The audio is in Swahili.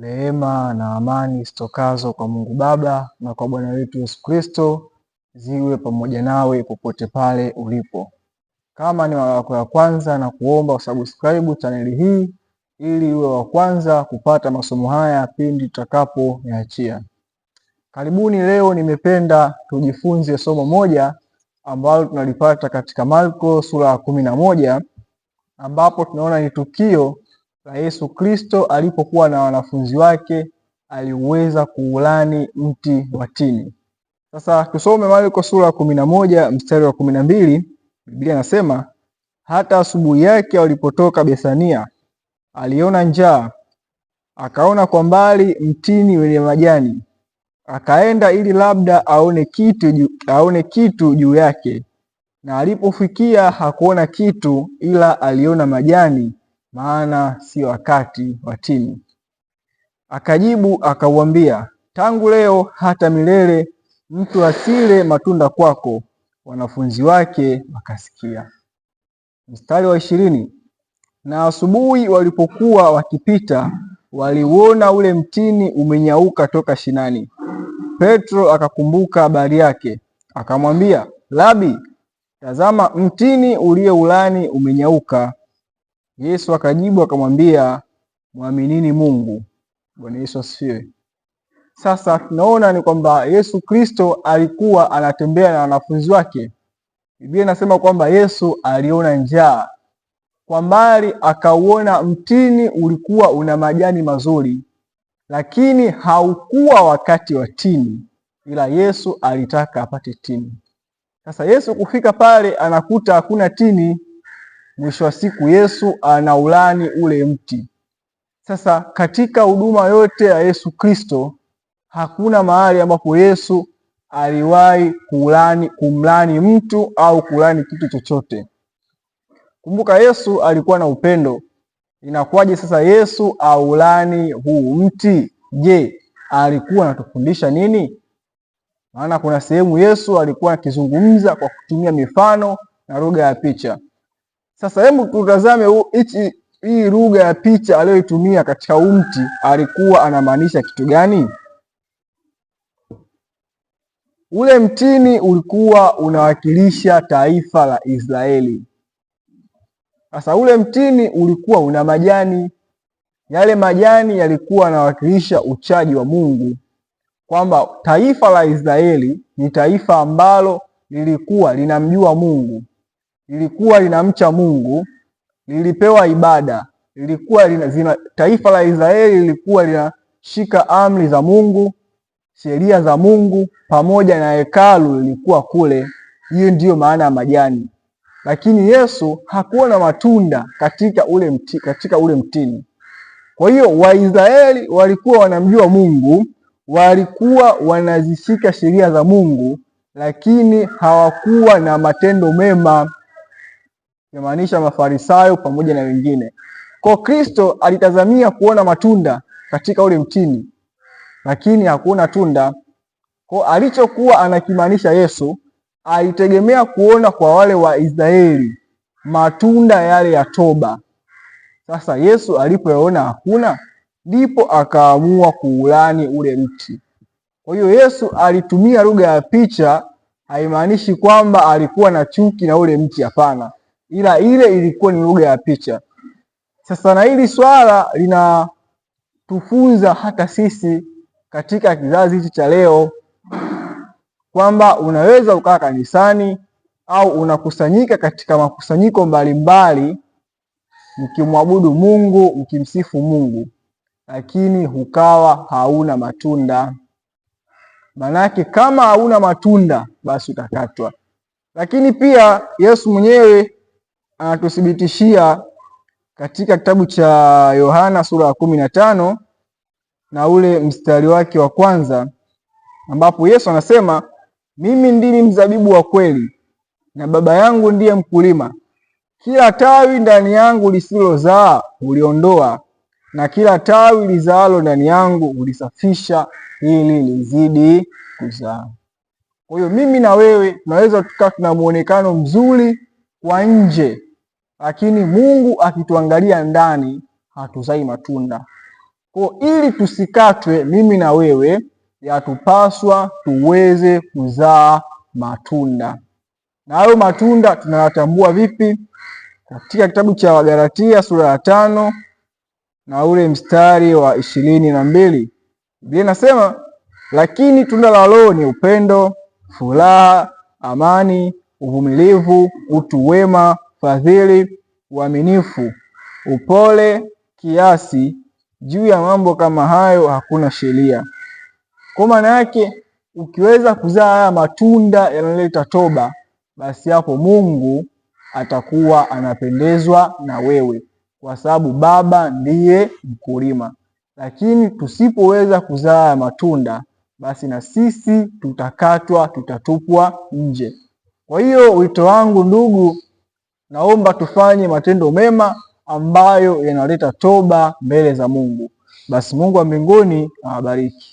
Neema na amani zitokazo kwa Mungu Baba na kwa Bwana wetu Yesu Kristo ziwe pamoja nawe popote pale ulipo. Kama ni mara yako ya kwanza, na kuomba usubscribe chaneli hii ili uwe wa kwanza kupata masomo haya pindi yaachia. Karibuni. Leo nimependa tujifunze somo moja ambalo tunalipata katika Marko sura ya kumi na moja ambapo tunaona ni tukio na Yesu Kristo alipokuwa na wanafunzi wake aliweza kuulani mti wa tini. Sasa tusome Marko sura ya kumi na moja mstari wa kumi na mbili. Biblia inasema hata asubuhi yake walipotoka Bethania, aliona njaa, akaona kwa mbali mtini wenye majani, akaenda ili labda aone kitu juu, aone kitu juu yake, na alipofikia hakuona kitu, ila aliona majani maana si wakati wa tini. Akajibu akauambia, tangu leo hata milele mtu asile matunda kwako. Wanafunzi wake wakasikia. Mstari wa ishirini, na asubuhi walipokuwa wakipita waliuona ule mtini umenyauka toka shinani. Petro akakumbuka habari yake, akamwambia, Rabi, tazama mtini ulani umenyauka. Yesu akajibu akamwambia, mwaminini Mungu. Bwana Yesu asifiwe. Sasa tunaona ni kwamba Yesu Kristo alikuwa anatembea na wanafunzi wake. Biblia inasema kwamba Yesu aliona njaa kwa mbali, akauona mtini ulikuwa una majani mazuri, lakini haukuwa wakati wa tini, ila Yesu alitaka apate tini. Sasa Yesu kufika pale anakuta hakuna tini, Mwisho wa siku Yesu anaulani ule mti. Sasa katika huduma yote ya Yesu Kristo hakuna mahali ambapo Yesu aliwahi kulani, kumlani mtu au kulani kitu chochote. Kumbuka Yesu alikuwa na upendo. Inakuwaje sasa Yesu aulani huu mti? Je, alikuwa anatufundisha nini? Maana kuna sehemu Yesu alikuwa akizungumza kwa kutumia mifano na lugha ya picha. Sasa hebu tutazame hii lugha ya picha aliyoitumia katika umti, alikuwa anamaanisha kitu gani? Ule mtini ulikuwa unawakilisha taifa la Israeli. Sasa ule mtini ulikuwa una majani, yale majani yalikuwa yanawakilisha uchaji wa Mungu, kwamba taifa la Israeli ni taifa ambalo lilikuwa linamjua Mungu lilikuwa linamcha Mungu, lilipewa ibada, lilikuwa lina, zina, taifa la Israeli lilikuwa linashika amri za Mungu, sheria za Mungu, pamoja na hekalu lilikuwa kule. Hiyo ndiyo maana ya majani. Lakini Yesu hakuwa na matunda katika ule mti, katika ule mtini. Kwa hiyo Waisraeli walikuwa wanamjua Mungu, walikuwa wanazishika sheria za Mungu, lakini hawakuwa na matendo mema yamaanisha Mafarisayo pamoja na wengine. Kwa Kristo alitazamia kuona matunda katika ule mtini, lakini hakuona tunda. Kwa alichokuwa anakimaanisha Yesu, alitegemea kuona kwa wale wa israeli matunda yale ya toba. Sasa Yesu alipoyaona hakuna, ndipo akaamua kuulani ule mti. Kwa hiyo Yesu alitumia lugha ya picha, haimaanishi kwamba alikuwa na chuki na ule mti. Hapana, ila ile ilikuwa ni lugha ya picha. Sasa na hili swala linatufunza hata sisi katika kizazi hichi cha leo kwamba unaweza ukaa kanisani au unakusanyika katika makusanyiko mbalimbali mkimwabudu Mungu, mkimsifu Mungu, lakini hukawa hauna matunda. Manake kama hauna matunda, basi utakatwa. Lakini pia Yesu mwenyewe anatuthibitishia katika kitabu cha Yohana sura ya kumi na tano na ule mstari wake wa kwanza ambapo Yesu anasema mimi ndimi mzabibu wa kweli na Baba yangu ndiye mkulima. Kila tawi ndani yangu lisilozaa uliondoa na kila tawi lizaalo ndani yangu ulisafisha ili lizidi kuzaa. Kwa hiyo mimi na wewe tunaweza tukaa tuna muonekano mzuri kwa nje, lakini Mungu akituangalia ndani hatuzai matunda. Kwa ili tusikatwe, mimi na wewe, yatupaswa tuweze kuzaa matunda, na hayo matunda tunayatambua vipi? Katika kitabu cha Wagalatia sura ya tano na ule mstari wa ishirini na mbili Biblia inasema, lakini tunda la Roho ni upendo, furaha, amani, uvumilivu, utu wema fadhili, uaminifu, upole, kiasi. Juu ya mambo kama hayo hakuna sheria. Kwa maana yake, ukiweza kuzaa haya matunda yanayoleta toba, basi hapo Mungu atakuwa anapendezwa na wewe, kwa sababu Baba ndiye mkulima. Lakini tusipoweza kuzaa haya matunda, basi na sisi tutakatwa, tutatupwa nje. Kwa hiyo wito wangu ndugu Naomba tufanye matendo mema ambayo yanaleta toba mbele za Mungu. Basi Mungu wa mbinguni awabariki.